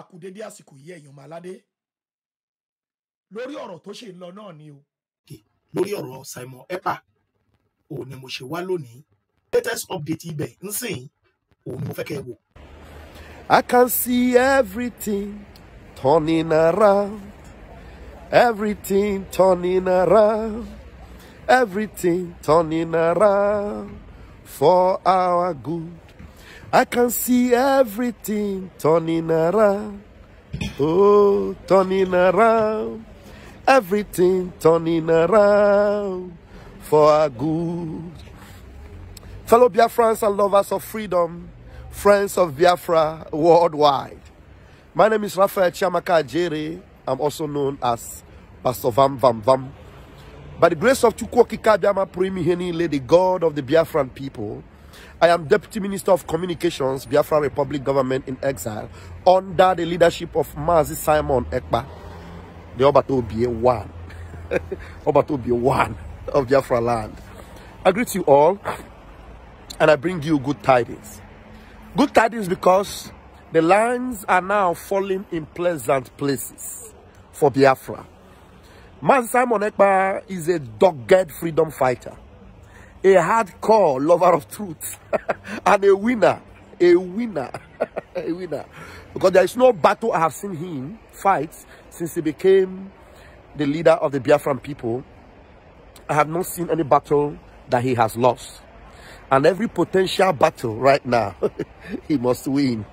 àkùdédé àsìkò yìí ẹ̀yàn màládé lórí ọ̀rọ̀ tó ṣe lọ náà ni o. lórí ọ̀rọ̀ Simon Ekpa òun ni mo ṣe wá lónìí latest update ibẹ̀ ń sìn òun ni mo fẹ́ kẹ́ ẹ wò. I can see everything turning around everything turning around everything turning around for our good. I can see everything turning around. Oh, turning around. Everything turning around for our good. Fellow Biafrans and lovers of freedom, friends of Biafra worldwide. My name is Raphael Chiamaka Ajere. I'm also known as Pastor Vam Vam Vam. By the grace of Chukwokika Biama Primi Heni, Lady God of the Biafran people, I am Deputy Minister of Communications, Biafra Republic Government in Exile, under the leadership of Mazi Simon Ekba. the Obatobie one, Obatobie one of Biafra land. I greet you all, and I bring you good tidings. Good tidings because the lines are now falling in pleasant places for Biafra. Mazi Simon Ekba is a dogged freedom fighter a hardcore lover of truth and a winner a winner a winner because there is no battle i have seen him fight since he became the leader of the biafran people i have not seen any battle that he has lost and every potential battle right now he must win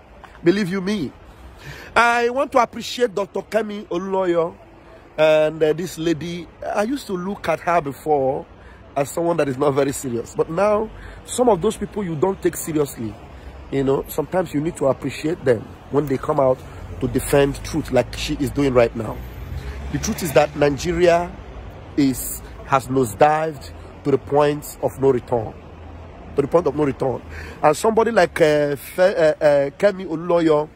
believe you me i want to appreciate dr kemi lawyer and uh, this lady i used to look at her before as someone that is not very serious. But now, some of those people you don't take seriously, you know, sometimes you need to appreciate them when they come out to defend truth like she is doing right now. The truth is that Nigeria is has nosedived to the point of no return. To the point of no return. And somebody like uh, Fe, uh, uh, Kemi Oloyo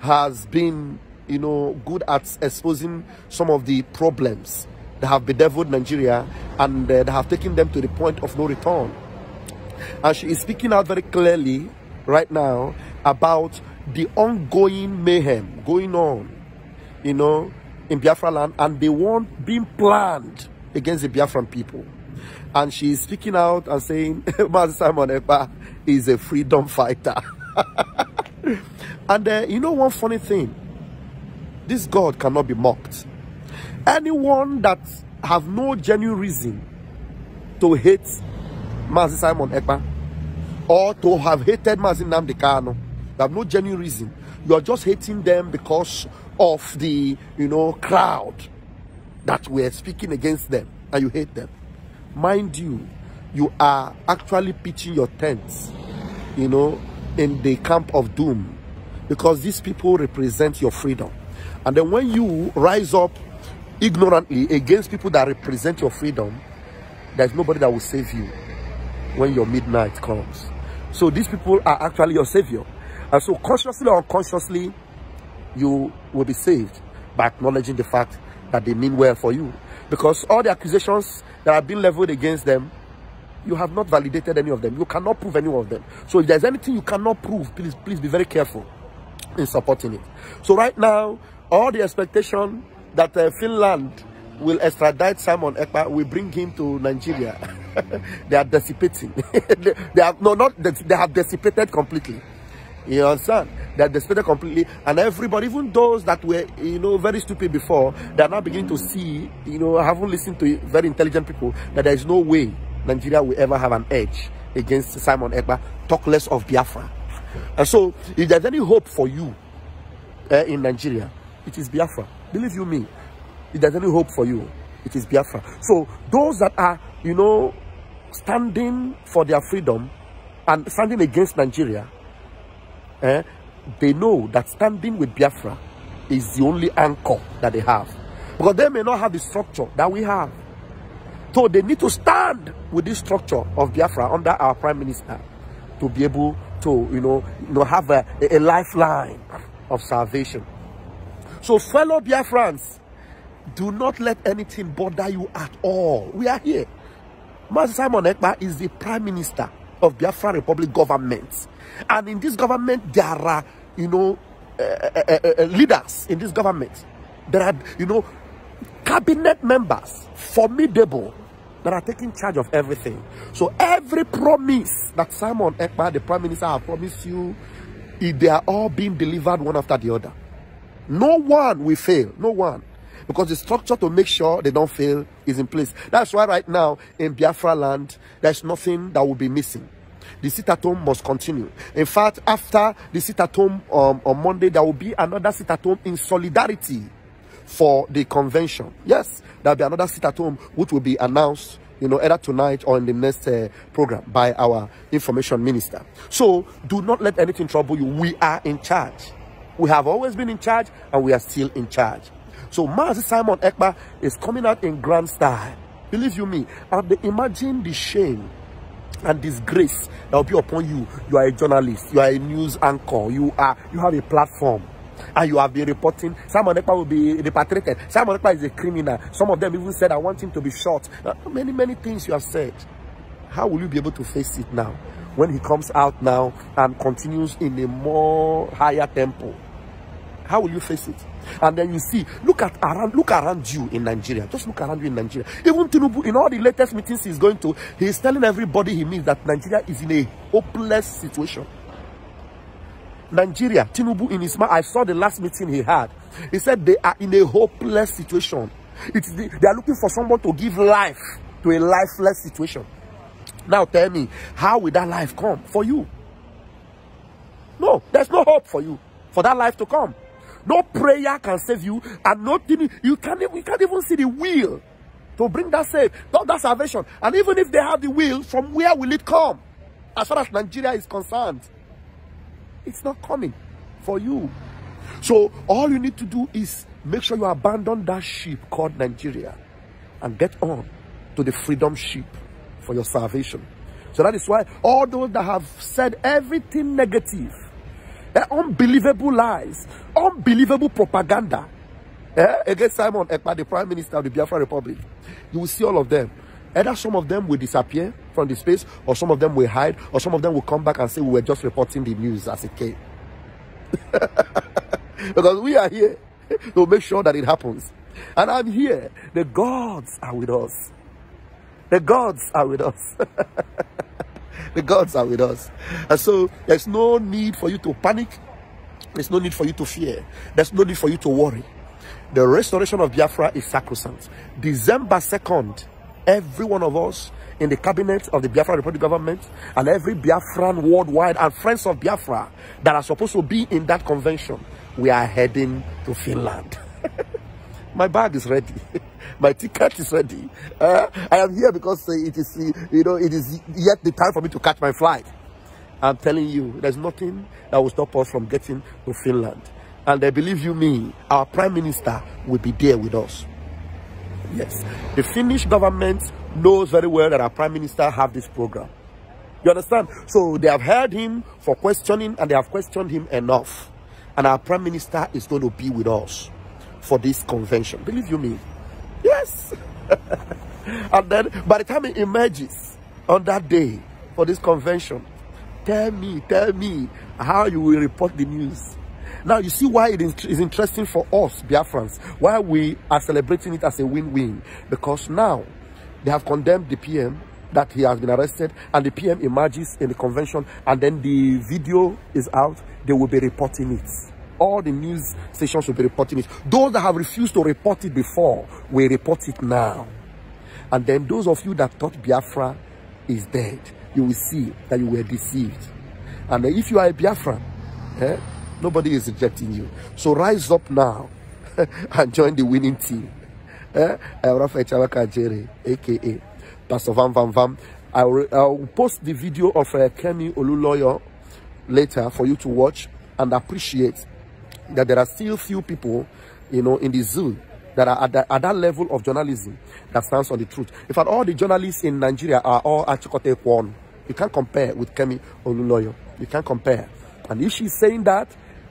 has been, you know, good at exposing some of the problems that have bedeviled Nigeria and uh, have taken them to the point of no return. And she is speaking out very clearly right now about the ongoing mayhem going on, you know, in Biafra land and the one being planned against the Biafran people. And she is speaking out and saying, Master Simon Epa is a freedom fighter. and uh, you know one funny thing? This God cannot be mocked anyone that have no genuine reason to hate Mazi Simon Ekpa or to have hated Mazi Namdi Kano, they have no genuine reason. You are just hating them because of the, you know, crowd that were speaking against them and you hate them. Mind you, you are actually pitching your tents, you know, in the camp of doom because these people represent your freedom. And then when you rise up ignorantly against people that represent your freedom, there's nobody that will save you when your midnight comes. So these people are actually your savior. And so consciously or unconsciously, you will be saved by acknowledging the fact that they mean well for you. Because all the accusations that have been leveled against them, you have not validated any of them. You cannot prove any of them. So if there's anything you cannot prove, please, please be very careful in supporting it. So right now, all the expectation that uh, Finland will extradite Simon Ekpa, will bring him to Nigeria. they are dissipating. they, they, have no, not they have dissipated completely. You understand? They are dissipated completely, and everybody, even those that were you know very stupid before, they are now beginning to see. You know, haven't listened to very intelligent people that there is no way Nigeria will ever have an edge against Simon Ekpa. Talk less of Biafra. And so, if there's any hope for you uh, in Nigeria, it is Biafra. Believe you me, if there's any hope for you, it is Biafra. So those that are, you know, standing for their freedom and standing against Nigeria, eh, they know that standing with Biafra is the only anchor that they have. Because they may not have the structure that we have. So they need to stand with this structure of Biafra under our prime minister to be able to, you know, you know have a, a lifeline of salvation. So fellow Biafrans, do not let anything bother you at all. We are here. Master Simon Ekpa is the prime minister of Biafra Republic government. And in this government, there are, you know, uh, uh, uh, leaders in this government. There are, you know, cabinet members, formidable, that are taking charge of everything. So every promise that Simon Ekpa, the prime minister, have promised you, they are all being delivered one after the other. No one will fail. No one. Because the structure to make sure they don't fail is in place. That's why right now in Biafra land, there's nothing that will be missing. The sit at home must continue. In fact, after the sit at home um, on Monday, there will be another sit at home in solidarity for the convention. Yes, there'll be another sit at home which will be announced you know, either tonight or in the next uh, program by our information minister. So do not let anything trouble you. We are in charge. We have always been in charge and we are still in charge. So Mazi Simon Ekpa is coming out in grand style. Believe you me, and imagine the shame and disgrace that will be upon you. You are a journalist, you are a news anchor, you are you have a platform. And you have been reporting. Simon Ekpa will be repatriated. Simon Ekpa is a criminal. Some of them even said, I want him to be shot. Many, many things you have said. How will you be able to face it now? When he comes out now and continues in a more higher tempo how will you face it? And then you see, look at around, look around you in Nigeria. Just look around you in Nigeria. Even Tinubu, in all the latest meetings he's going to, he's telling everybody he means that Nigeria is in a hopeless situation. Nigeria, Tinubu in his mind, I saw the last meeting he had. He said they are in a hopeless situation. It's the, they are looking for someone to give life to a lifeless situation. Now tell me, how will that life come for you? No, there's no hope for you, for that life to come. No prayer can save you, and nothing you can't. You can't even see the will to bring that save, not that salvation. And even if they have the will, from where will it come? As far as Nigeria is concerned, it's not coming for you. So all you need to do is make sure you abandon that ship called Nigeria and get on to the freedom ship for your salvation. So that is why all those that have said everything negative eh, unbelievable lies, unbelievable propaganda eh, against Simon Ekpa, the Prime Minister of the Biafra Republic. You will see all of them. Either some of them will disappear from the space, or some of them will hide, or some of them will come back and say we were just reporting the news as it came. because we are here to make sure that it happens. And I'm here. The gods are with us. The gods are with us. the gods are with us. And so there's no need for you to panic. There's no need for you to fear. There's no need for you to worry. The restoration of Biafra is sacrosanct. December 2nd, every one of us in the cabinet of the Biafra Republic government and every Biafran worldwide and friends of Biafra that are supposed to be in that convention, we are heading to Finland. My bag is ready. My ticket is ready. Uh, I am here because uh, it is, eh, you know, it is yet the time for me to catch my flight. I'm telling you, there's nothing that will stop us from getting to Finland. And I believe you me, our prime minister will be there with us. Yes, the Finnish government knows very well that our prime minister have this program. You understand? So they have heard him for questioning and they have questioned him enough. And our prime minister is going to be with us for this convention. Believe you me, Yes. and then by the time he emerges on that day for this convention, tell me, tell me how you will report the news. Now, you see why it is interesting for us, Biafrans, why we are celebrating it as a win-win. Because now, they have condemned the PM that he has been arrested and the PM emerges in the convention and then the video is out, they will be reporting it all the news stations will be reporting it. Those that have refused to report it before will report it now. And then those of you that thought Biafra is dead, you will see that you were deceived. And if you are a Biafra, eh, nobody is rejecting you. So rise up now and join the winning team. Eh? aka Pastor Van Van Van. I will, I will post the video of uh, Kemi Lawyer later for you to watch and appreciate that there are still few people, you know, in the zoo that are at, at that level of journalism that stands on the truth. In fact, all the journalists in Nigeria are all Achikote Kwon. You can't compare with Kemi Oluloyo. You can't compare. And if she's saying that,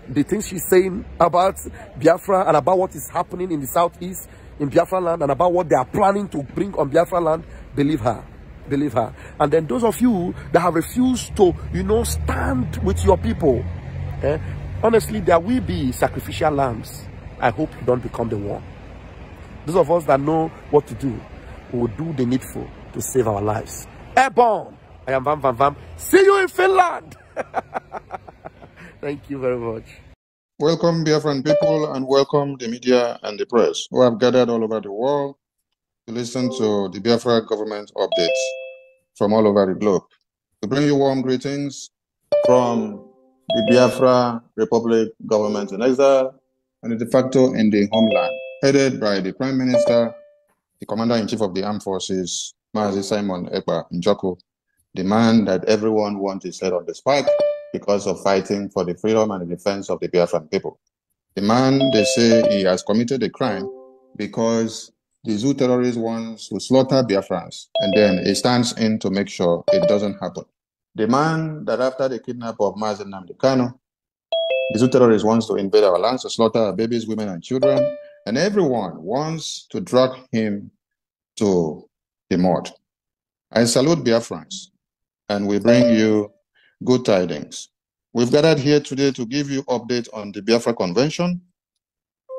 the things she's saying about Biafra and about what is happening in the southeast, in Biafra land, and about what they are planning to bring on Biafra land, believe her. Believe her. And then those of you that have refused to, you know, stand with your people, eh, honestly, there will be sacrificial lambs. I hope you don't become the one. Those of us that know what to do, we will do the needful to save our lives. Airborne! I am Vam Vam Vam. See you in Finland! Thank you very much. Welcome, friend people, and welcome the media and the press who have gathered all over the world to listen to the Biafra government updates from all over the globe. To bring you warm greetings from the Biafra Republic government in exile, and de facto in the homeland, headed by the Prime Minister, the Commander in Chief of the Armed Forces, Mazi Simon Ekpa Njoku, the man that everyone wants his head on the spike because of fighting for the freedom and the defense of the Biafran people. The man they say he has committed a crime because the Zoo terrorists wants to slaughter Biafrans, and then he stands in to make sure it doesn't happen. The man that after the kidnapping of Mazen Namdekano, the two terrorists wants to invade our lands, to slaughter our babies, women, and children, and everyone wants to drag him to the mud. I salute Biafrans, and we bring you good tidings. We've gathered here today to give you update on the Biafra Convention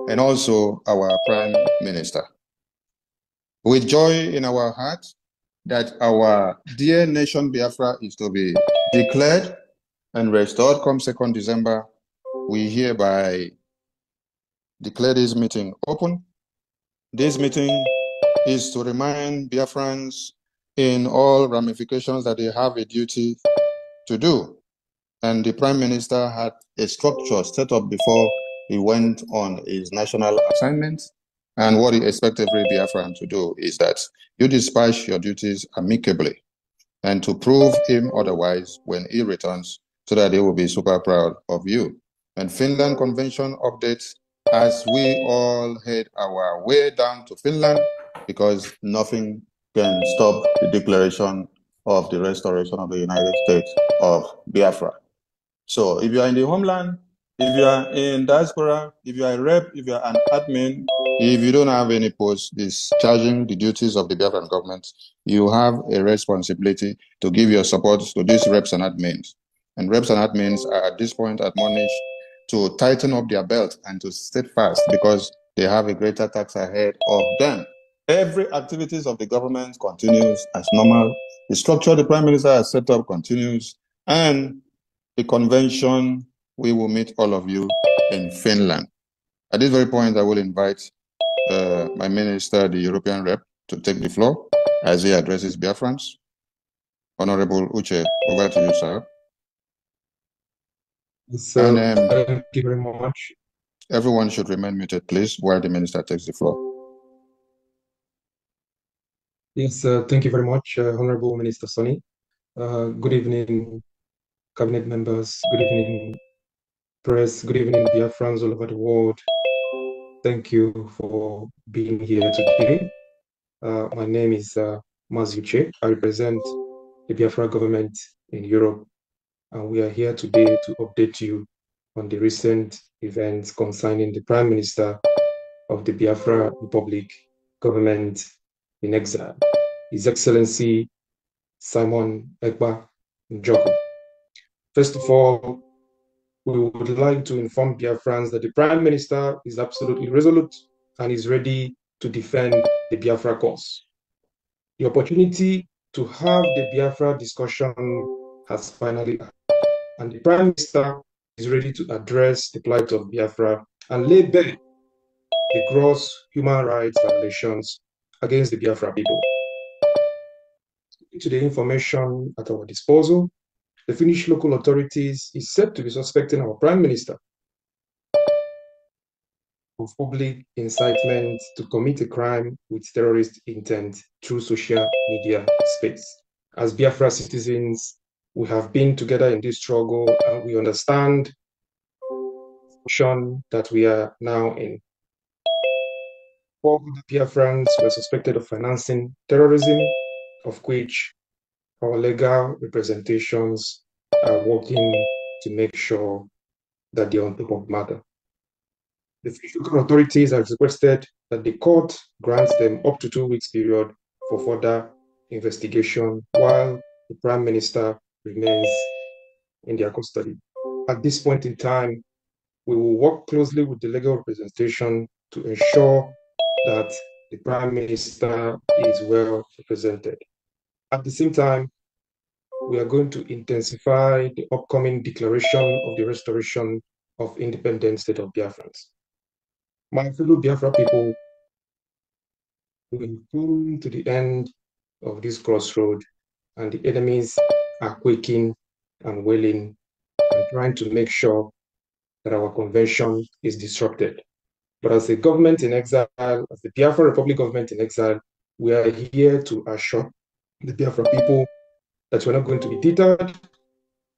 and also our Prime Minister. With joy in our hearts, that our dear nation Biafra is to be declared and restored come 2nd December, we hereby declare this meeting open. This meeting is to remind Biafrans in all ramifications that they have a duty to do. And the Prime Minister had a structure set up before he went on his national assignment. And what you expect every Biafran to do is that you dispatch your duties amicably and to prove him otherwise when he returns so that he will be super proud of you. And Finland Convention updates as we all head our way down to Finland because nothing can stop the declaration of the restoration of the United States of Biafra. So if you are in the homeland, if you are in diaspora, if you are a rep, if you are an admin, if you don't have any post discharging the duties of the Biafran government, you have a responsibility to give your support to these reps and admins. And reps and admins are at this point admonished to tighten up their belt and to stay fast because they have a greater tax ahead of them. Every activities of the government continues as normal. The structure the prime minister has set up continues, and the convention we will meet all of you in Finland. At this very point, I will invite uh, my minister, the European rep, to take the floor as he addresses Biafrans. Honorable Uche, over to you, sir. So, and, um, thank you very much. Everyone should remain muted, please, while the minister takes the floor. Yes, uh, thank you very much, uh, Honorable Minister Sonny. Uh, good evening, cabinet members. Good evening, press. Good evening, dear friends all over the world. Thank you for being here today. Uh, my name is uh, Mazuche. I represent the Biafra government in Europe, and we are here today to update you on the recent events concerning the Prime Minister of the Biafra Republic government in exile, His Excellency Simon Ekba Njoko. First of all, we would like to inform Biafrans that the Prime Minister is absolutely resolute and is ready to defend the Biafra cause. The opportunity to have the Biafra discussion has finally arrived, and the Prime Minister is ready to address the plight of Biafra and lay bare the gross human rights violations against the Biafra people. To the information at our disposal, the Finnish local authorities is said to be suspecting our prime minister of public incitement to commit a crime with terrorist intent through social media space. As Biafra citizens, we have been together in this struggle and we understand that we are now in. Four Biafrans were suspected of financing terrorism, of which our legal representations are working to make sure that they're on top of matter. The Fish Local authorities have requested that the court grants them up to two weeks period for further investigation while the Prime Minister remains in their custody. At this point in time, we will work closely with the legal representation to ensure that the Prime Minister is well represented. At the same time, we are going to intensify the upcoming declaration of the restoration of independent state of Biafra. My fellow Biafra people, we come to the end of this crossroad and the enemies are quaking and wailing and trying to make sure that our convention is disrupted. But as a government in exile, as the Biafra Republic government in exile, we are here to assure the hear people that we're not going to be deterred.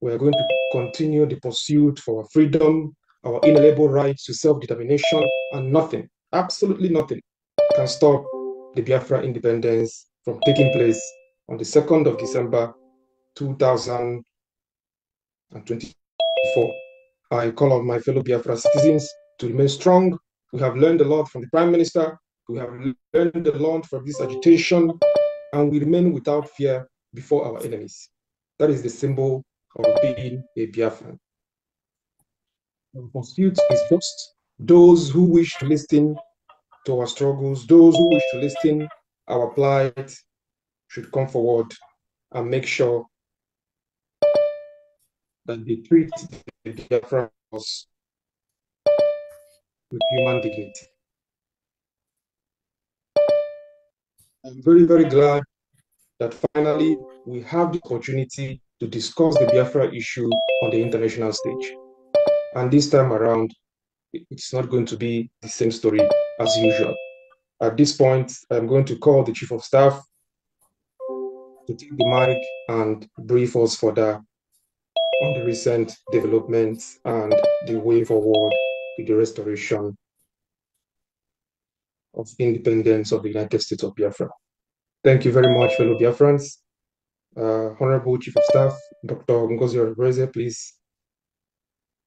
We're going to continue the pursuit for our freedom, our inalienable rights to self-determination, and nothing, absolutely nothing, can stop the Biafra independence from taking place on the 2nd of December 2024. I call on my fellow Biafra citizens to remain strong. We have learned a lot from the Prime Minister. We have learned a lot from this agitation and we remain without fear before our enemies. That is the symbol of being a Biafran. Our pursuit is just those who wish to listen to our struggles, those who wish to listen our plight should come forward and make sure that they treat the Biafran with human dignity. I'm very, very glad that finally we have the opportunity to discuss the Biafra issue on the international stage. And this time around, it's not going to be the same story as usual. At this point, I'm going to call the Chief of Staff to take the mic and brief us further on the recent developments and the way forward to the restoration of independence of the United States of Biafra. Thank you very much, fellow Biafrans. Uh, Honorable Chief of Staff, Dr. Ngozi Obreze, please.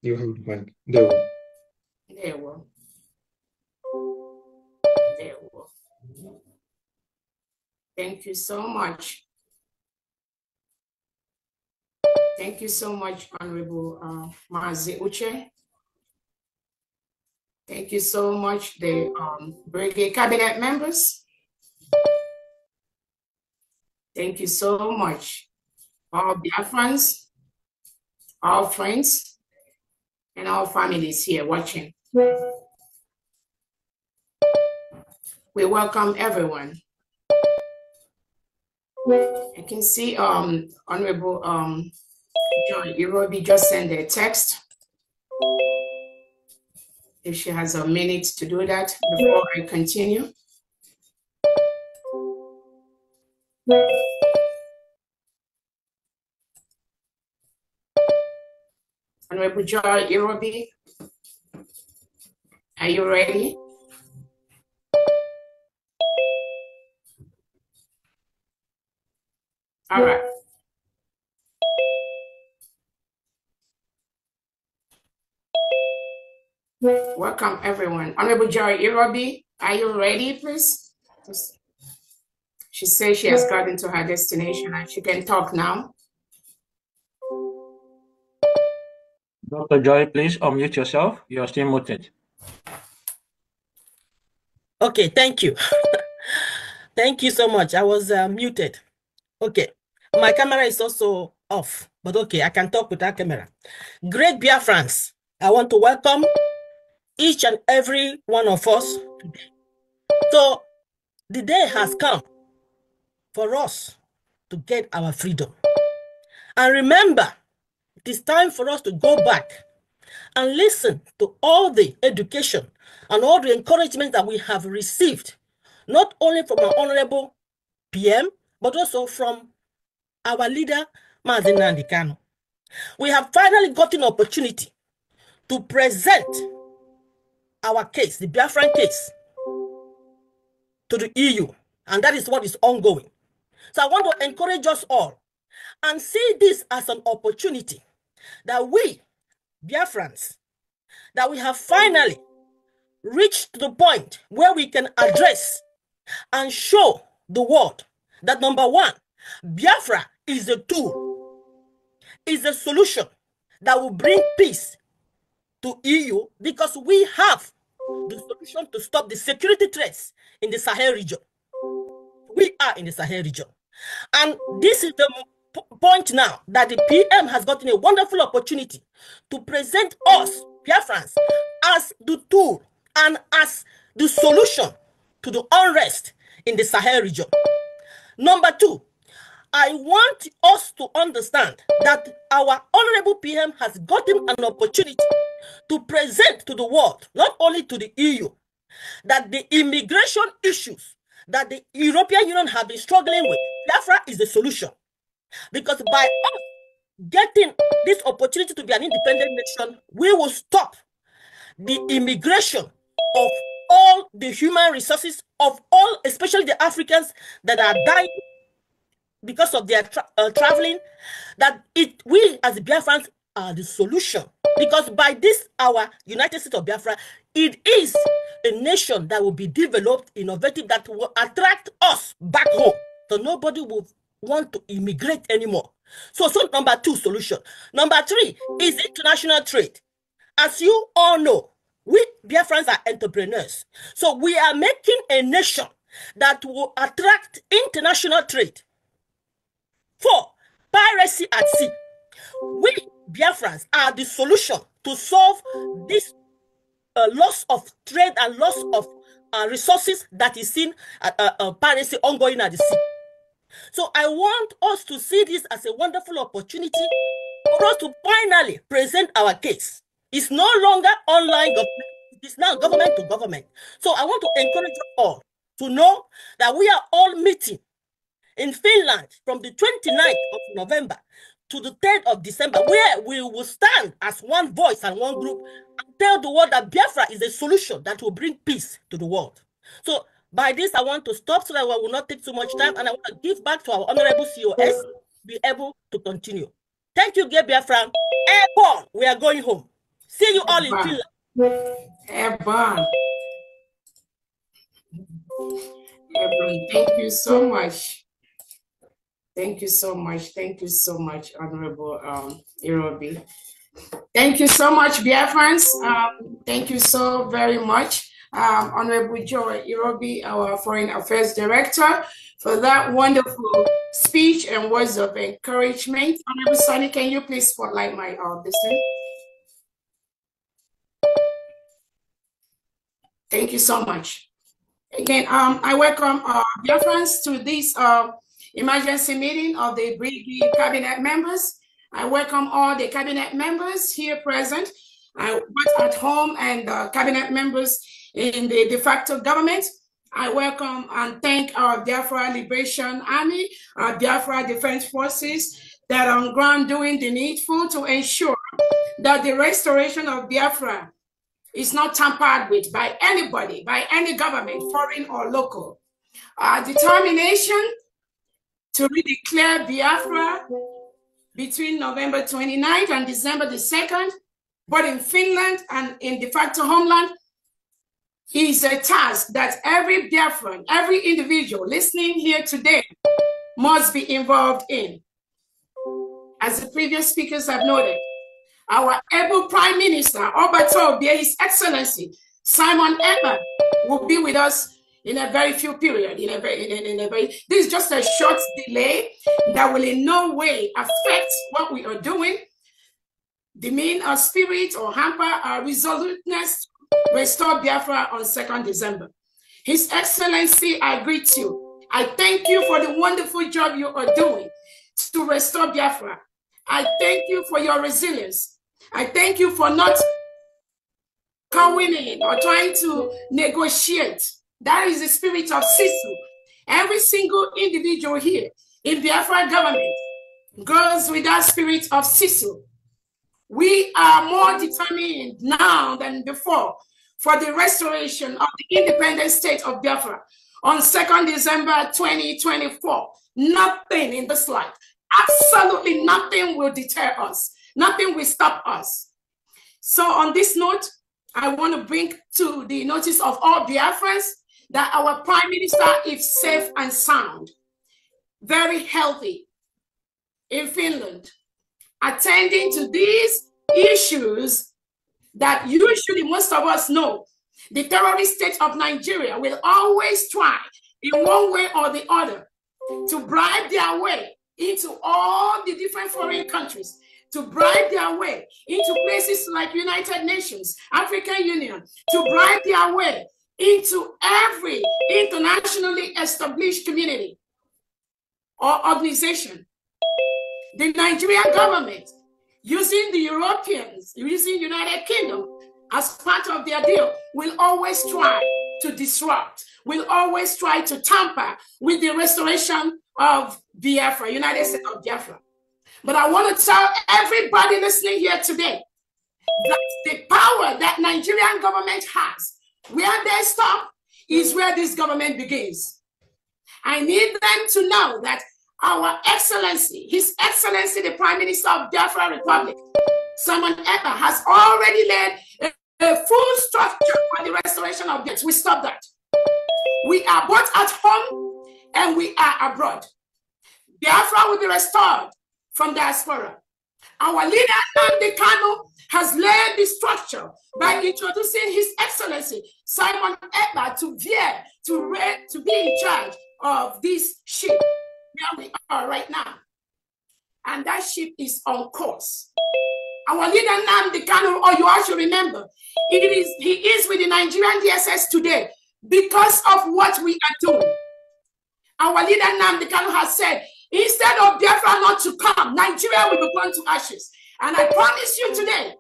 You have the mic. There we Thank you so much. Thank you so much, Honorable uh, Mazi Uche. Thank you so much, the um, Brigade Cabinet members. Thank you so much. All Biafrans, all friends, and all families here watching. We welcome everyone. I can see um, Honorable um, John Irobi just sent a text. If she has a minute to do that before I continue. Honorable John Irobi, are you ready? All right. Welcome, everyone. Honorable Joy Irobi, are you ready, please? She says she has gotten to her destination and she can talk now. Dr. Joy, please unmute yourself. You're still muted. Okay, thank you. thank you so much. I was uh, muted. Okay, my camera is also off, but okay, I can talk without camera. Great friends, I want to welcome each and every one of us today. So the day has come for us to get our freedom. And remember, it is time for us to go back and listen to all the education and all the encouragement that we have received, not only from our honorable PM, but also from our leader, Mazina Andikano. We have finally gotten opportunity to present our case, the Biafran case, to the EU, and that is what is ongoing. So I want to encourage us all and see this as an opportunity that we, friends, that we have finally reached the point where we can address and show the world that number one, Biafra is a tool, is a solution that will bring peace to EU because we have the solution to stop the security threats in the Sahel region. We are in the Sahel region. And this is the point now that the PM has gotten a wonderful opportunity to present us, Biafrans, as the tool and as the solution to the unrest in the Sahel region. Number two, I want us to understand that our honorable PM has gotten an opportunity to present to the world, not only to the EU, that the immigration issues that the European Union have been struggling with. Biafra is the solution. Because by us getting this opportunity to be an independent nation, we will stop the immigration of all the human resources of all, especially the Africans that are dying because of their tra uh, traveling. That it we as Biafrans are the solution because by this our United States of Biafra, it is a nation that will be developed, innovative, that will attract us back home. So nobody will want to immigrate anymore. So, so number two solution. Number three is international trade. As you all know, we Biafrans are entrepreneurs. So we are making a nation that will attract international trade. Four, piracy at sea. We Biafrans are the solution to solve this a loss of trade and loss of uh, resources that is seen at uh, uh, uh, piracy ongoing at the sea. So I want us to see this as a wonderful opportunity for us to finally present our case. It's no longer online government. It's now government to government. So I want to encourage you all to know that we are all meeting in Finland from the 29th of November to the 3rd of December, where we will stand as one voice and one group and tell the world that Biafra is a solution that will bring peace to the world. So by this, I want to stop so that we will not take too much time and I want to give back to our honorable COS be able to continue. Thank you, Gabriel Biafra. Airborne, we are going home. See you all in Finland. Airborne, thank you so much. Thank you so much. Thank you so much, Honorable um, Irobi. Thank you so much, Biafrans. Um, thank you so very much, um, Honorable Joe Irobi, our Foreign Affairs Director, for that wonderful speech and words of encouragement. Honorable Sonny, can you please spotlight my audience? Thank you so much. Again, um, I welcome uh, Biafrans to this uh, emergency meeting of the Brigade cabinet members. I welcome all the cabinet members here present, both at home and cabinet members in the de facto government. I welcome and thank our Biafra Liberation Army, our Biafra Defense Forces that are on ground doing the needful to ensure that the restoration of Biafra is not tampered with by anybody, by any government, foreign or local. Our determination to redeclare Biafra between November 29th and December the 2nd, but in Finland and in de facto homeland, is a task that every Biafran, every individual listening here today must be involved in. As the previous speakers have noted, our able Prime Minister, Obato, His Excellency, Simon Emma, will be with us in a very few period, in a very, in a, in a very, this is just a short delay that will in no way affect what we are doing, demean our spirit or hamper our resoluteness restore Biafra on 2nd December. His Excellency, I greet you. I thank you for the wonderful job you are doing to restore Biafra. I thank you for your resilience. I thank you for not cowing in or trying to negotiate that is the spirit of Sisu. Every single individual here in the Biafra government goes with that spirit of Sisu. We are more determined now than before for the restoration of the independent state of Biafra on 2nd December 2024. Nothing in this life, absolutely nothing will deter us. Nothing will stop us. So on this note, I want to bring to the notice of all Biafrans that our prime minister is safe and sound, very healthy in Finland, attending to these issues that usually most of us know. The terrorist state of Nigeria will always try, in one way or the other, to bribe their way into all the different foreign countries to bribe their way into places like United Nations, African Union, to bribe their way into every internationally established community or organization. The Nigerian government, using the Europeans, using United Kingdom as part of their deal, will always try to disrupt, will always try to tamper with the restoration of Biafra, United States of Biafra. But I want to tell everybody listening here today that the power that Nigerian government has where they stop is where this government begins. I need them to know that our excellency, his excellency, the prime minister of Biafra Republic, Simon Eber, has already led a, a full structure for the restoration of Biafra. We stop that. We are both at home and we are abroad. Biafra will be restored from diaspora. Our leader, Nandi Kano, has laid the structure by introducing His Excellency Simon Eba to to, re- to be in charge of this ship where we are right now. And that ship is on course. Our leader Nnamdi Kanu, or oh, you all should remember, it is, he is with the Nigerian DSS today because of what we are doing. Our leader Nnamdi Kanu has said Instead of Biafra not to come, Nigeria will be burned to ashes. And I promise you today,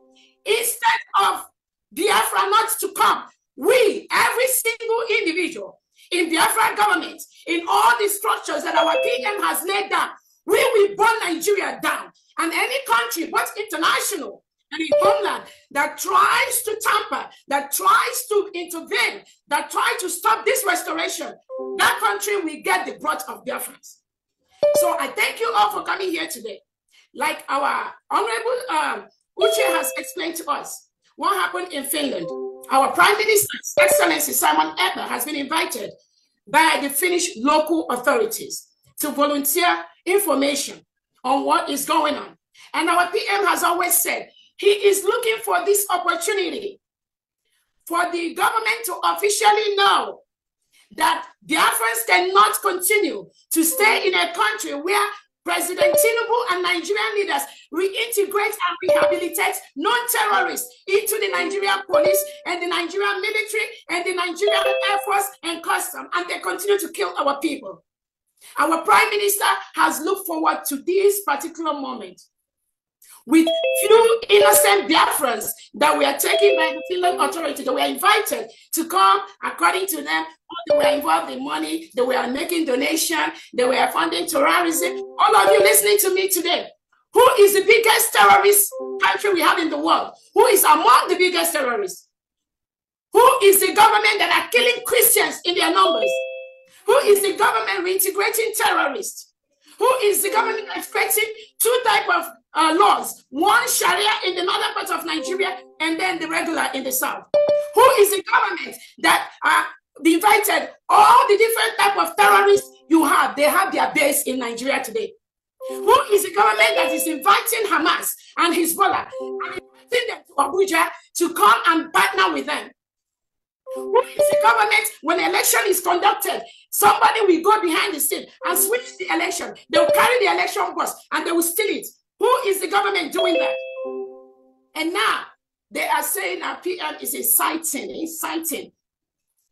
instead of Biafra not to come, we, every single individual in Biafra government, in all the structures that our PM has laid down, we will burn Nigeria down. And any country, both international and in homeland, that tries to tamper, that tries to intervene, that tries to stop this restoration, that country will get the brunt of Biafra. So I thank you all for coming here today. Like our Honorable um, Uche has explained to us what happened in Finland. Our Prime Minister Excellency Simon Eppa has been invited by the Finnish local authorities to volunteer information on what is going on. And our PM has always said he is looking for this opportunity for the government to officially know that Biafrans cannot continue to stay in a country where President Tinubu and Nigerian leaders reintegrate and rehabilitate non-terrorists into the Nigerian police and the Nigerian military and the Nigerian Air Force and custom, and they continue to kill our people. Our prime minister has looked forward to this particular moment with few innocent Biafrans that were taken by the Finland authority. They were invited to come, according to them, they were involved in money, they were making donation, they were funding terrorism. All of you listening to me today, who is the biggest terrorist country we have in the world? Who is among the biggest terrorists? Who is the government that are killing Christians in their numbers? Who is the government reintegrating terrorists? Who is the government expecting two type of uh, laws, one Sharia in the northern part of Nigeria, and then the regular in the south. Who is the government that uh, invited all the different type of terrorists you have? They have their base in Nigeria today. Who is the government that is inviting Hamas and Hezbollah and inviting them to Abuja to come and partner with them? Who is the government when election is conducted? Somebody will go behind the scene and switch the election. They will carry the election bus and they will steal it. Who is the government doing that? And now they are saying our PM is inciting, inciting.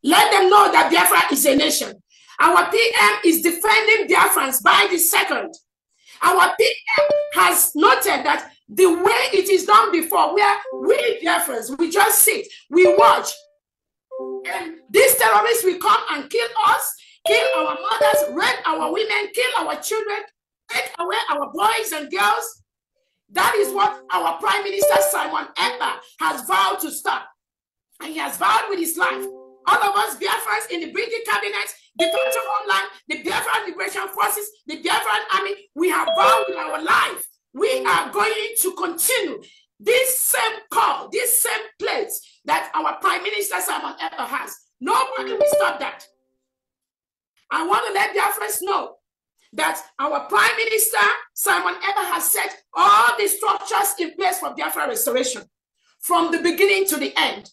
Let them know that Biafra is a nation. Our PM is defending Biafrans by the second. Our PM has noted that the way it is done before, where we Biafrans, we just sit, we watch. And these terrorists will come and kill us, kill our mothers, rape our women, kill our children, take away our boys and girls. That is what our Prime Minister Simon Ekpa has vowed to stop. And he has vowed with his life. All of us Biafrans in the British cabinet, the of Homeland, the Biafran Liberation Forces, the Biafran Army, we have vowed with our life. We are going to continue this same call, this same place that our Prime Minister Simon Ekpa has. Nobody will stop that. I want to let Biafrans know that our Prime Minister, Simon Eber, has set all the structures in place for Biafra restoration from the beginning to the end.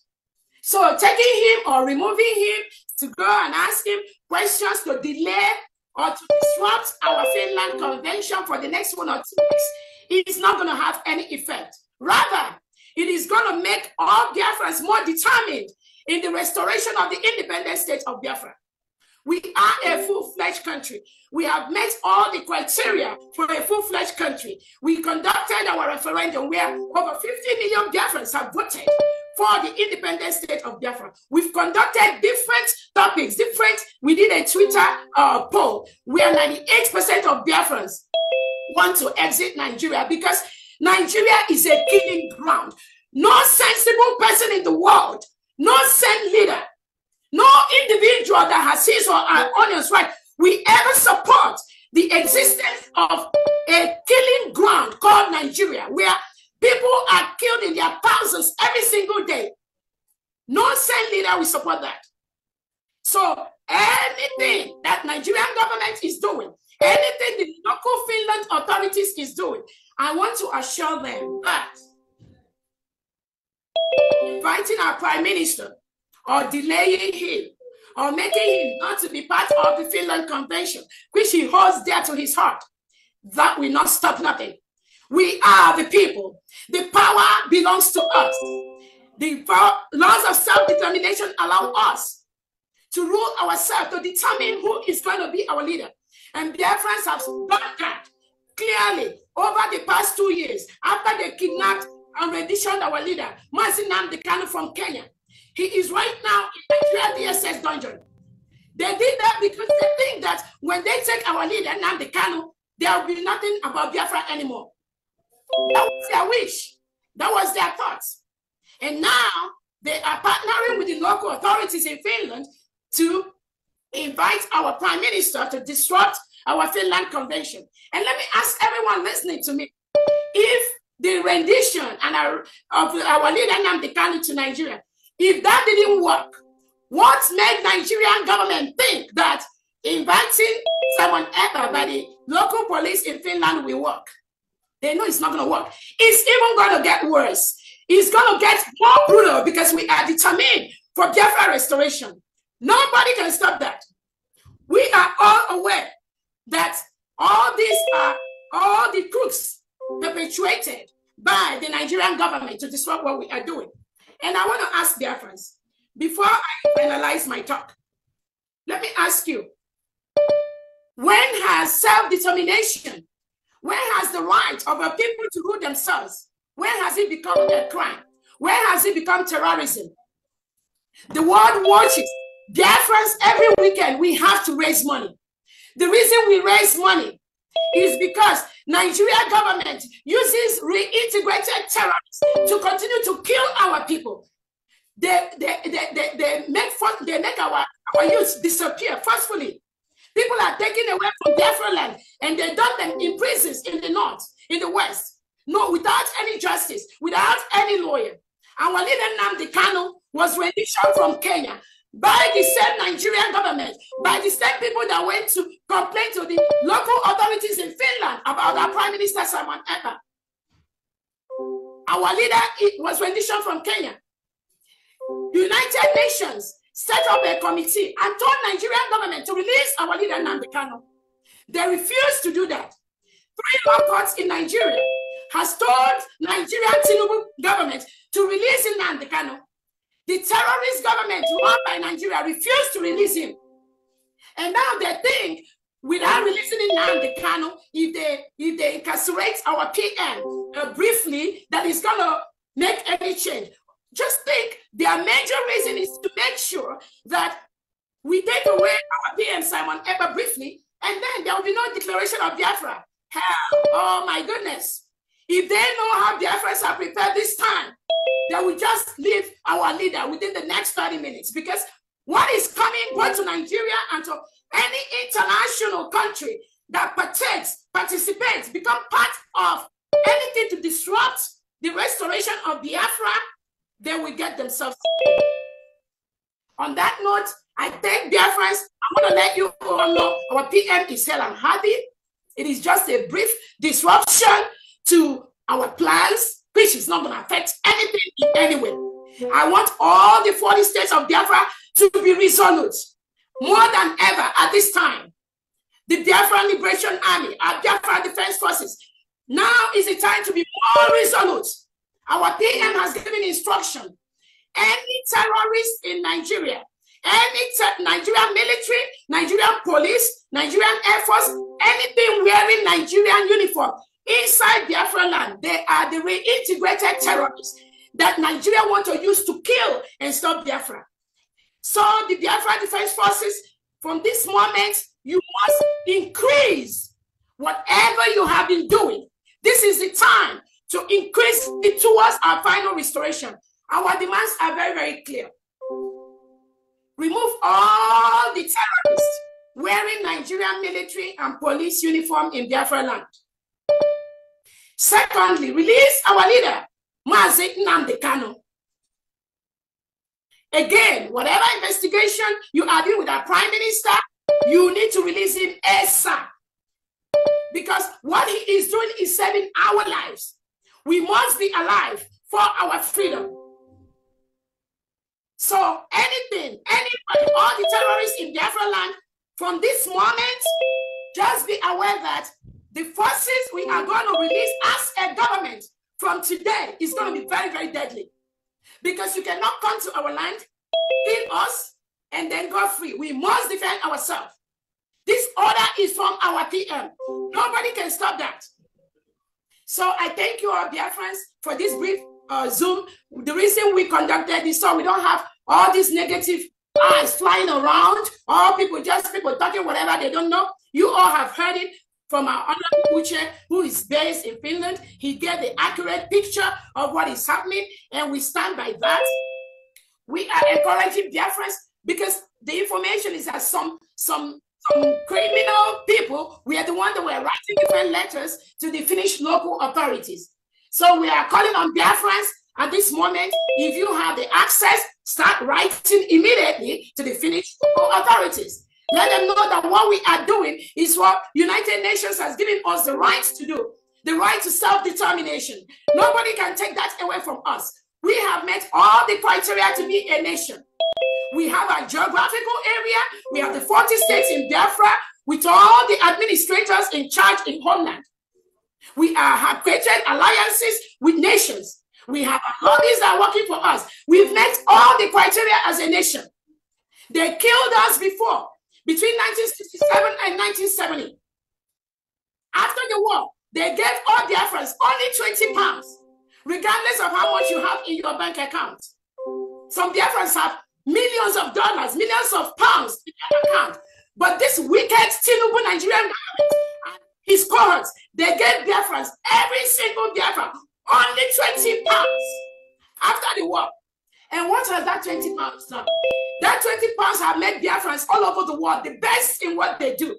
So taking him or removing him to go and ask him questions to delay or to disrupt our Finland Convention for the next one or two weeks, it is not going to have any effect. Rather, it is going to make all Biafrans more determined in the restoration of the independent state of Biafra. We are a full fledged country. We have met all the criteria for a full fledged country. We conducted our referendum where over 50 million Biafrans have voted for the independent state of Biafra. We've conducted different topics, different. We did a Twitter uh, poll where 98% of Biafrans want to exit Nigeria because Nigeria is a killing ground. No sensible person in the world, no sane leader no individual that has uh, his or her onions right will ever support the existence of a killing ground called Nigeria, where people are killed in their thousands every single day. No sane leader will support that. So anything that Nigerian government is doing, anything the local Finland authorities is doing, I want to assure them that inviting our prime minister or delaying him or making him not to be part of the Finland Convention, which he holds dear to his heart, that will not stop nothing. We are the people. The power belongs to us. The laws of self determination allow us to rule ourselves, to determine who is going to be our leader. And their friends have done that clearly over the past two years after they kidnapped and renditioned our leader, Mazin Namdekanu from Kenya. He is right now in the DSS dungeon. They did that because they think that when they take our leader, the Kanu, there will be nothing about Biafra anymore. That was their wish. That was their thought. And now they are partnering with the local authorities in Finland to invite our prime minister to disrupt our Finland convention. And let me ask everyone listening to me if the rendition and our, of our leader the Kanu to Nigeria if that didn't work, what made Nigerian government think that inviting someone else, by the local police in Finland will work? They know it's not going to work. It's even going to get worse. It's going to get more brutal because we are determined for Biafra restoration. Nobody can stop that. We are all aware that all these are all the crooks perpetuated by the Nigerian government to disrupt what we are doing. And I want to ask friends, before I finalize my talk, let me ask you when has self determination, when has the right of a people to rule themselves, when has it become a crime? Where has it become terrorism? The world watches. dear friends. every weekend we have to raise money. The reason we raise money is because Nigeria government uses reintegrated terrorists to continue to kill our people. They, they, they, they, they make, fun, they make our, our youth disappear forcefully. People are taken away from their land and they dump them in prisons in the north, in the west. No, without any justice, without any lawyer. Our leader Namdi Kano was rendition from Kenya by the same Nigerian government, by the same people that went to complain to the local authorities in Finland about our Prime Minister Simon Epa. Our leader was rendition from Kenya. United Nations set up a committee and told Nigerian government to release our leader Nnamdi Kanu. They refused to do that. Three law courts in Nigeria has told Nigerian Tinubu government to release Nnamdi Kanu the terrorist government run by Nigeria refused to release him. And now they think without releasing Nnamdi Kanu, if they if they incarcerate our PM uh, briefly, that is gonna make any change. Just think their major reason is to make sure that we take away our PM Simon ever briefly, and then there will be no declaration of Biafra. Hell, oh my goodness. If they know how the friends are prepared this time, they will just leave our leader within the next 30 minutes because what is coming both to Nigeria and to any international country that partakes, participates, become part of anything to disrupt the restoration of Biafra, they will get themselves. On that note, I thank Biafrans. I'm going to let you all know our PM is Helen Hardy. It is just a brief disruption to our plans, which is not going to affect anything in any way. I want all the 40 states of Biafra to be resolute more than ever at this time. The Biafra Liberation Army, our Biafra Defense Forces, now is the time to be more resolute. Our PM has given instruction. Any terrorist in Nigeria, any Nigerian military, Nigerian police, Nigerian Air Force, anything wearing Nigerian uniform Inside Biafra land, they are the reintegrated terrorists that Nigeria want to use to kill and stop Biafra. So the Biafra Defense Forces, from this moment, you must increase whatever you have been doing. This is the time to increase it towards our final restoration. Our demands are very, very clear. Remove all the terrorists wearing Nigerian military and police uniform in Biafra land. Secondly, release our leader, Mazi Nnamdi Kanu. Again, whatever investigation you are doing with our prime minister, you need to release him ASAP. Because what he is doing is saving our lives. We must be alive for our freedom. So anything, anybody, all the terrorists in Biafra land, from this moment, just be aware that the forces we are going to release as a government from today is going to be very, very deadly. Because you cannot come to our land, kill us, and then go free. We must defend ourselves. This order is from our PM. Nobody can stop that. So I thank you all, dear friends, for this brief uh, Zoom. The reason we conducted this so we don't have all these negative eyes flying around, all people just people talking whatever they don't know. You all have heard it from our honorable Uche, who is based in Finland. He gave the accurate picture of what is happening, and we stand by that. We are encouraging Biafrans because the information is that some some some criminal people we are the ones that were writing different letters to the Finnish local authorities. So we are calling on Biafrans at this moment. If you have the access, start writing immediately to the Finnish local authorities. Let them know that what we are doing is what United Nations has given us the right to do, the right to self-determination. Nobody can take that away from us. We have met all the criteria to be a nation. We have our geographical area. We have the 40 states in Biafra with all the administrators in charge in Homeland. We are, have created alliances with nations. We have lobbies that are working for us. We've met all the criteria as a nation. They killed us before between 1967 and 1970. After the war, they gave all the friends only 20 pounds, regardless of how much you have in your bank account. Some Biafrans have millions of dollars, millions of pounds in their account. But this wicked Tinubu Nigerian government and his cohorts, they gave Biafrans, every single Biafran, only 20 pounds after the war. And what has that 20 pounds done? That 20 pounds have made Biafrans all over the world the best in what they do.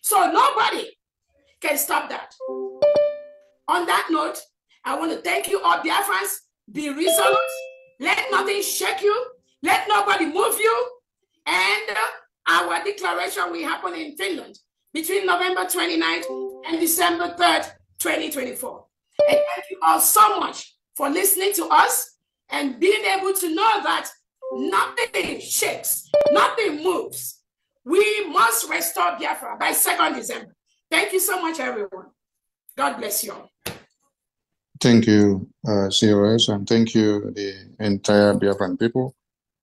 So nobody can stop that. On that note, I want to thank you all, Biafrans. Be resolute. Let nothing shake you. Let nobody move you. And uh, our declaration will happen in Finland between November 29th and December 3rd, 2024. And thank you all so much for listening to us and being able to know that Nothing shakes, nothing moves. We must restore Biafra by 2nd December. Thank you so much, everyone. God bless you all. Thank you, uh, and thank you, the entire Biafran people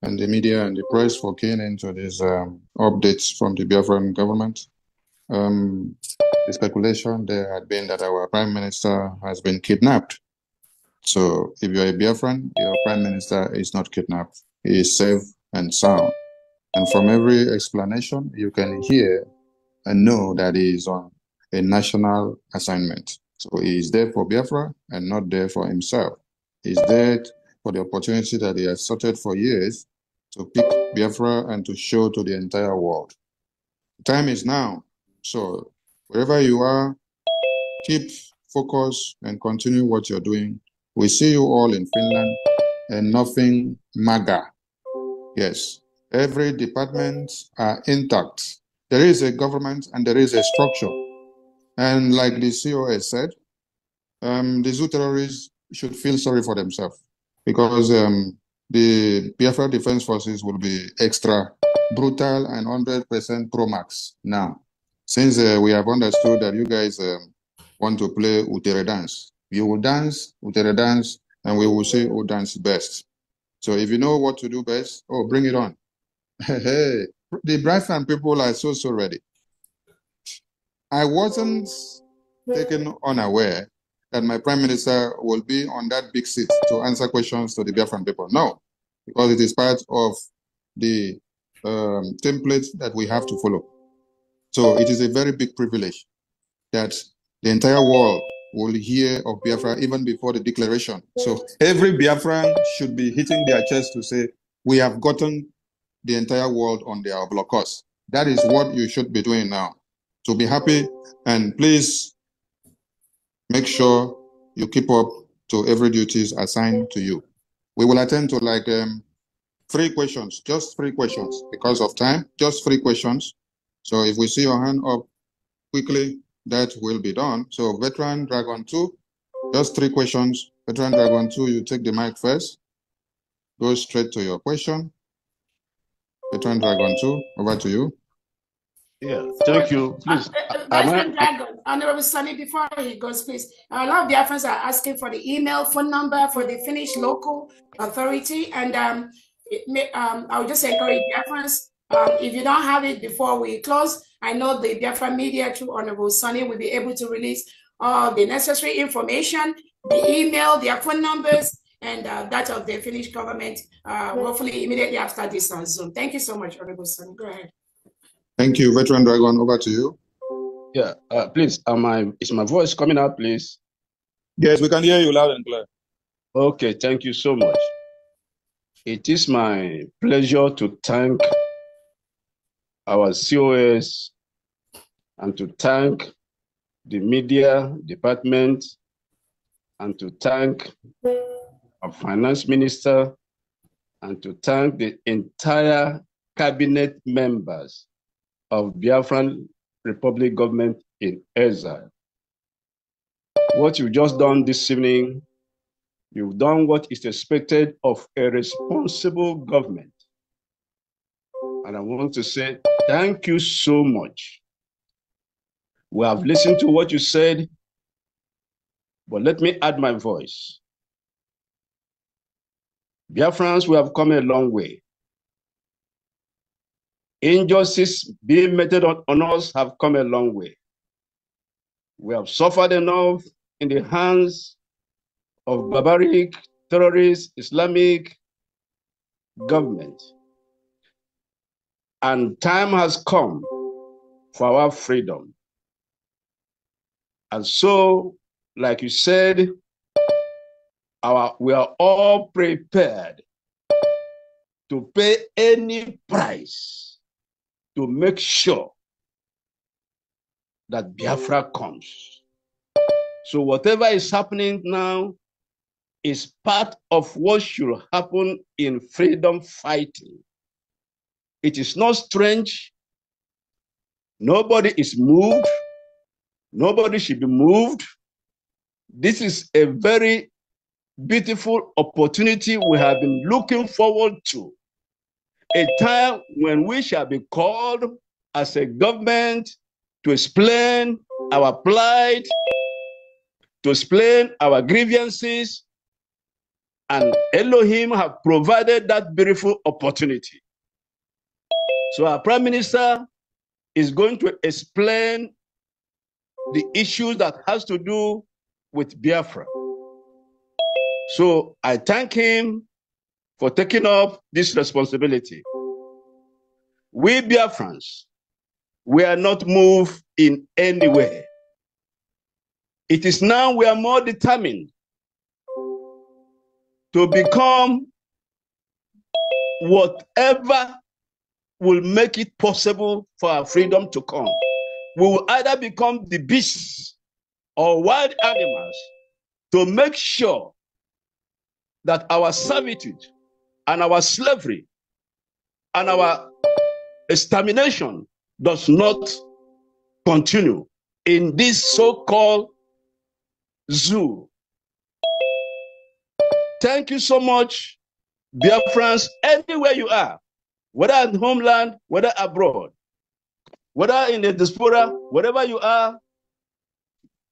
and the media and the press for keying into these um, updates from the Biafran government. Um, the speculation there had been that our prime minister has been kidnapped. So if you're a Biafran, your prime minister is not kidnapped. He is safe and sound. And from every explanation, you can hear and know that he is on a national assignment. So he is there for Biafra and not there for himself. He is there for the opportunity that he has sought for years to pick Biafra and to show to the entire world. time is now. So wherever you are, keep focus and continue what you're doing. We see you all in Finland and nothing MAGA. Yes, every department are intact. There is a government and there is a structure. And like the COS said, um, the zoo terrorists should feel sorry for themselves because um, the PFR Defense Forces will be extra brutal and 100% pro max now. Since uh, we have understood that you guys um, want to play Utere dance, you will dance Utere dance, and we will see who dance best. So if you know what to do best, oh, bring it on. hey, the Brighton people are so, so ready. I wasn't taken unaware that my prime minister will be on that big seat to answer questions to the Biafran people. No, because it is part of the um, template that we have to follow. So it is a very big privilege that the entire world will hear of Biafra even before the declaration. So every Biafra should be hitting their chest to say, we have gotten the entire world on their blockhouse. That is what you should be doing now. So be happy and please make sure you keep up to every duties assigned to you. We will attend to like um, three questions, just three questions because of time, just three questions. So if we see your hand up quickly, that will be done. So veteran Dragon 2, just three questions. Veteran Dragon 2, you take the mic first. Go straight to your question. Veteran Dragon 2, over to you. Yeah, thank you. Please. Uh, uh, Veteran I, Dragon, Honorable Sunny, before he goes, please. A lot of the Africans are asking for the email, phone number for the Finnish local authority. And um, may, um, I would just encourage the Africans, um, if you don't have it before we close, I know the Biafra media through Honorable Sunny will be able to release all the necessary information, the email, their phone numbers, and uh, that of the Finnish government, uh, hopefully immediately after this on Zoom. Thank you so much, Honorable Sunny. Go ahead. Thank you. Veteran Dragon, over to you. Yeah, uh, please, am I, is my voice coming out, please? Yes, we can hear you loud and clear. Okay, thank you so much. It is my pleasure to thank our COS and to thank the media department and to thank our finance minister and to thank the entire cabinet members of Biafran Republic government in exile. What you've just done this evening, you've done what is expected of a responsible government and I want to say thank you so much. We have listened to what you said, but let me add my voice. Dear friends, we have come a long way. Injustice being meted on us have come a long way. We have suffered enough in the hands of barbaric, terrorist, Islamic government. And time has come for our freedom. And so, like you said, our, we are all prepared to pay any price to make sure that Biafra comes. So, whatever is happening now is part of what should happen in freedom fighting. It is not strange. Nobody is moved. Nobody should be moved. This is a very beautiful opportunity we have been looking forward to. A time when we shall be called as a government to explain our plight, to explain our grievances, and Elohim have provided that beautiful opportunity. So our prime minister is going to explain the issues that has to do with Biafra. So I thank him for taking up this responsibility. We Biafrans, we are not moved in any way. It is now we are more determined to become whatever will make it possible for our freedom to come. We will either become the beasts or wild animals to make sure that our servitude and our slavery and our extermination does not continue in this so called zoo. Thank you so much, dear friends, anywhere you are whether in homeland, whether abroad, whether in the diaspora, wherever you are,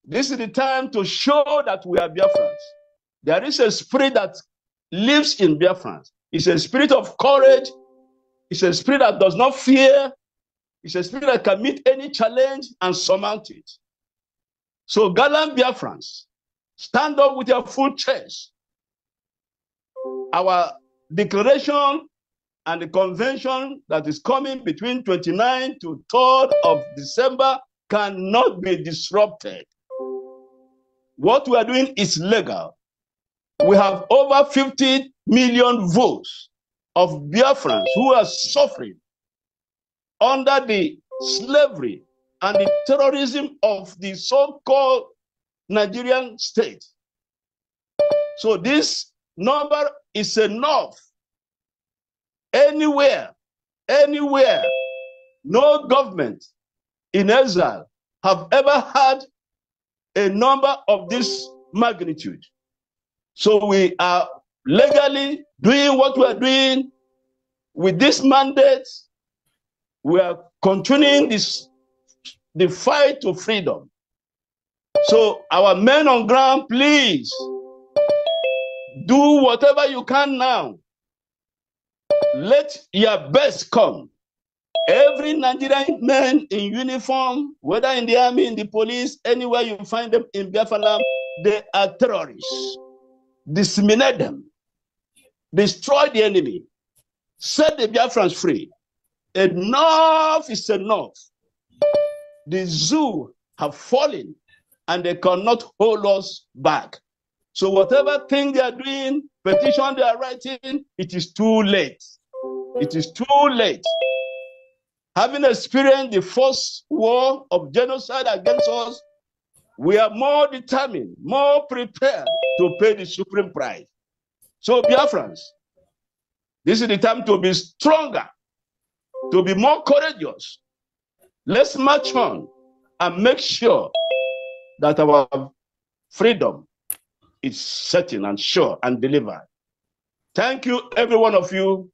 this is the time to show that we are Biafrans. There is a spirit that lives in Biafrans. It's a spirit of courage. It's a spirit that does not fear. It's a spirit that can meet any challenge and surmount it. So, gallant Biafrans, stand up with your full chest. Our declaration and the convention that is coming between 29 to 3rd of December cannot be disrupted. What we are doing is legal. We have over 50 million votes of Biafrans who are suffering under the slavery and the terrorism of the so called Nigerian state. So, this number is enough Anywhere, anywhere, no government in Israel have ever had a number of this magnitude. So we are legally doing what we are doing with this mandate. We are continuing this the fight to freedom. So our men on ground, please do whatever you can now let your best come. Every Nigerian man in uniform, whether in the army, in the police, anywhere you find them in Biafra land, they are terrorists. Disseminate them. Destroy the enemy. Set the Biafrans free. Enough is enough. The zoo have fallen and they cannot hold us back. So whatever thing they are doing, petition they are writing, it is too late. It is too late. Having experienced the first war of genocide against us, we are more determined, more prepared to pay the supreme price. So, Biafrans, this is the time to be stronger, to be more courageous. Let's march on and make sure that our freedom is certain and sure and delivered. Thank you, every one of you,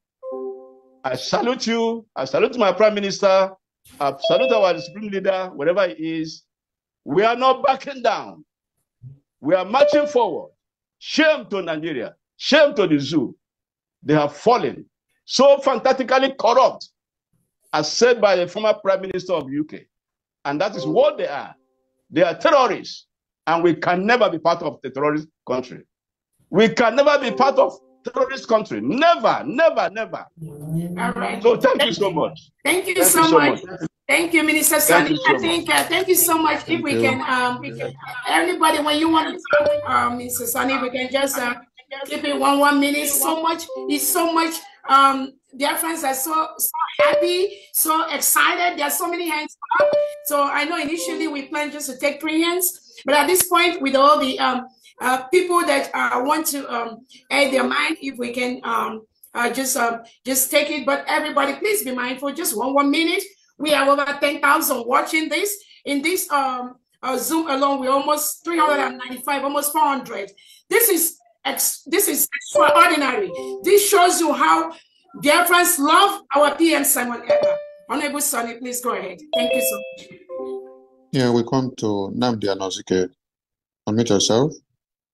I salute you. I salute my prime minister. I salute our supreme leader, whatever he is. We are not backing down. We are marching forward. Shame to Nigeria. Shame to the zoo. They have fallen. So fantastically corrupt, as said by the former prime minister of UK. And that is what they are. They are terrorists. And we can never be part of the terrorist country. We can never be part of terrorist country. Never, never, never. All right. So thank, thank you so much. Thank you, thank so, you so much. much. Thank you, Minister Sunny. I think uh, thank you so much. Thank if we you. can, um, we can, everybody, when you want to talk, um, Minister Sunny, we can just uh, keep it one one minute. So much is so much. Um, their friends are so, so happy, so excited. There are so many hands up. So I know initially we planned just to take three hands, but at this point, with all the um, uh, people that uh, want to um, add their mind if we can um, uh, just um, just take it. But everybody, please be mindful. Just one one minute. We have over ten thousand watching this in this um, uh, Zoom alone. We're almost three hundred and ninety-five, almost four hundred. This is ex- this is extraordinary. This shows you how dear friends love our PM Simon Ever. Honorable Sonny, please go ahead. Thank you so much. Yeah, we come to Namdi Anozike. Unmute yourself.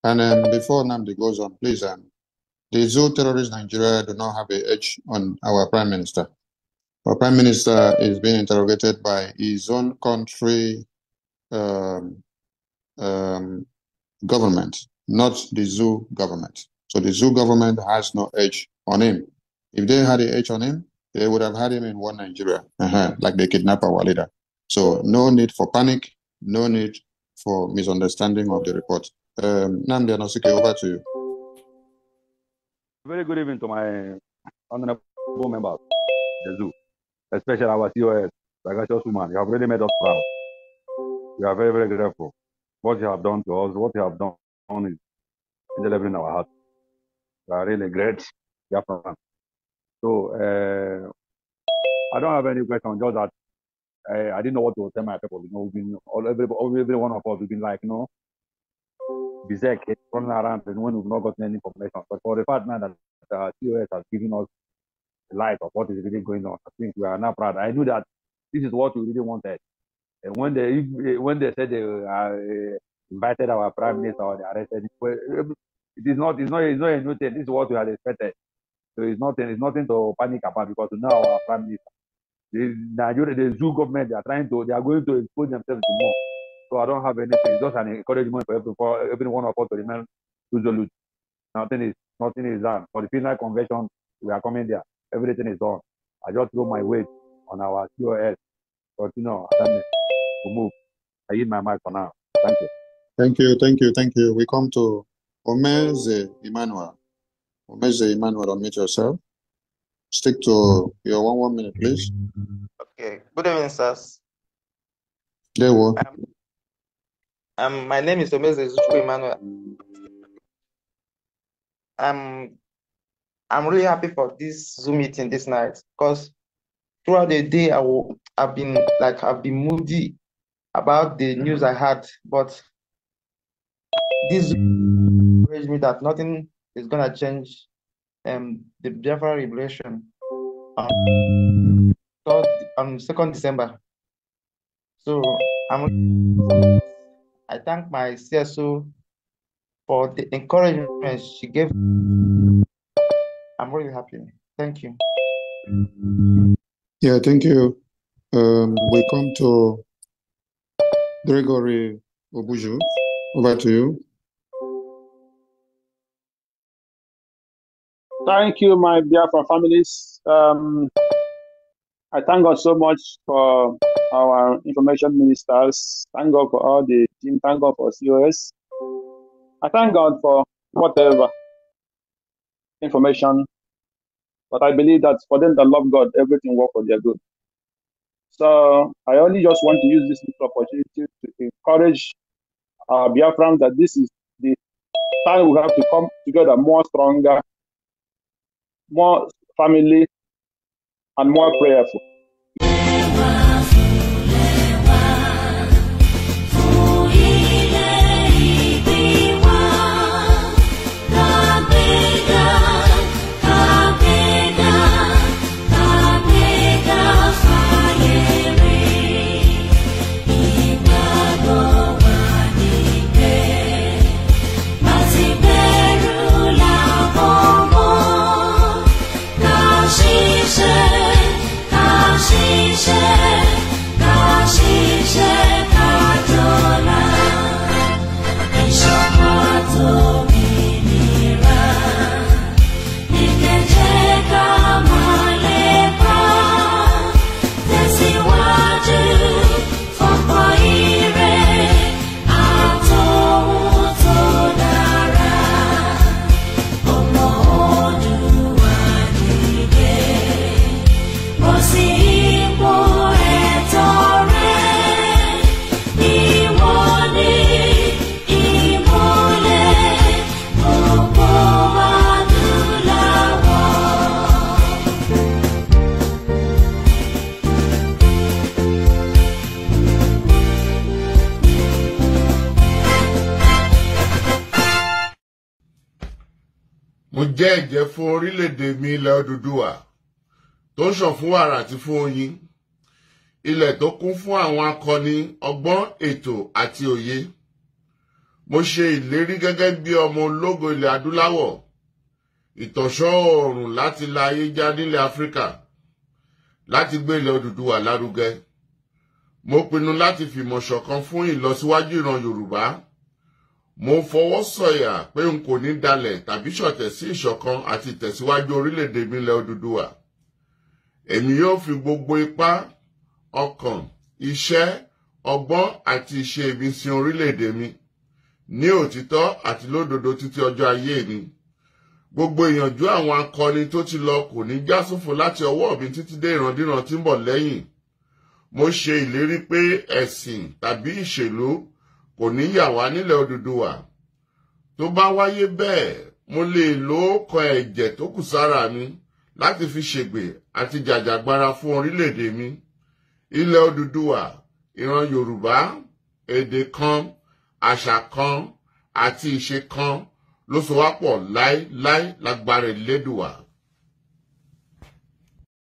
And um, before Namdi goes on, please, um, the zoo terrorists Nigeria do not have a edge on our prime minister. Our prime minister is being interrogated by his own country um, um, government, not the zoo government. So the zoo government has no edge on him. If they had a edge on him, they would have had him in one Nigeria, uh -huh, like they kidnapped our leader. So no need for panic, no need for misunderstanding of the report. Um, Nandi I'll over to you. Very good evening to my honorable members, the zoo, especially our COS, Ragashos woman. You have really made us proud. We are very, very grateful. What you have done to us, what you have done is indelible in our hearts. You are really great. So, uh, I don't have any question, just that I, eh, I didn't know what to tell my people. You know, we've been, all, every, every one of us, we've been like, you know, Bizek running around and when we've not gotten any information. But for the fact now that uh, TOS has given us light of what is really going on, I think we are now proud. I knew that this is what we really wanted. And when they when they said they uh, invited uh, our prime minister or they arrested, him, um, it is not it's not it's not a new thing. This is what we had expected. So it's nothing it's nothing to panic about because now our prime minister, the Nigeria, the zoo government, they are trying to they are going to expose themselves to more. So I don't have anything. Just an encouragement for, every, everyone of us to remain resolute. Nothing is nothing is done. For the final convention, we are coming there. Everything is done. I just throw my weight on our COS. Continue to move. I eat my mic for now. Thank you. Thank you, thank you, thank you. We come to Omeze Emmanuel. Omeze Emmanuel, unmute yourself. Stick to your one one minute, please. Okay. Good evening, sirs. There were. Um, um, my name is Thomas Emmanuel. I'm I'm really happy for this Zoom meeting this night because throughout the day I will, I've been like I've been moody about the news I had, but this encouraged me that nothing is gonna change um the Biafra revelation um, um on 2nd December. So I'm I thank my CSO for the encouragement she gave. I'm really happy. Thank you. Yeah, thank you. Um, we come to Gregory Obuju. Over to you. Thank you, my Biafra families. Um, I thank God so much for our information ministers. Thank God for all the team. Thank God for COS. I thank God for whatever information. But I believe that for them that love God, everything works for their good. So I only just want to use this opportunity to encourage our uh, Biafran that this is the time we have to come together more stronger, more family, and more prayerful. ẹ̀jẹ̀ fún orílẹ̀-èdè mi ilẹ̀ Odùduwà tó ń ṣàn fún wàrà àti fún oyin ilẹ̀ tó kún fún àwọn akọni ọgbọ́n ètò àti òye mo ṣe ìlérí gẹ́gẹ́ bí ọmọ ológo ilẹ̀ adúláwọ̀ ìtọ̀ṣọ́ oòrùn láti la ayé já nílẹ̀ Áfíríkà láti gbé ilẹ̀ Odùduwà lárugẹ mo pinnu láti fìmọ̀ ṣọ̀kan fún ìlọsíwájú ìran Yorùbá mo fọwọ́ sọ̀yà pé n kò ní dalẹ̀ tàbí ṣọ̀tẹ̀ sí ìṣọ̀kan àti ìtẹ̀síwájú orílẹ̀-èdè mi ilẹ̀ Odùduwà èmi yóò fi gbogbo ipá ọkàn iṣẹ́ ọgbọ́n àti ìṣe mi sin orílẹ̀-èdè mi ní òtítọ́ àti lódodo títí ọjọ́ ayé mi gbogbo ìyànjú àwọn akọni tó ti lọ kò ní já sófo láti ọwọ́ mi títí dé ìrandíran tí ń bọ̀ lẹ́yìn mo ṣe ìlérí pé ẹ̀sìn tàbí ìṣèlú kò ní yà wá nílẹ̀ Odùduwà tó bá wáyé bẹ́ẹ̀ mo lè lo ọkọ̀ ẹ̀jẹ̀ tó kù sára mi láti fi ṣègbè àti jàjàgbara fún orílẹ̀-èdè mi ilẹ̀ Odùduwà ìran Yorùbá èdè kan àṣà kan àti ìṣe kan ló so wá pọ̀ láéláé lágbára Elédùà.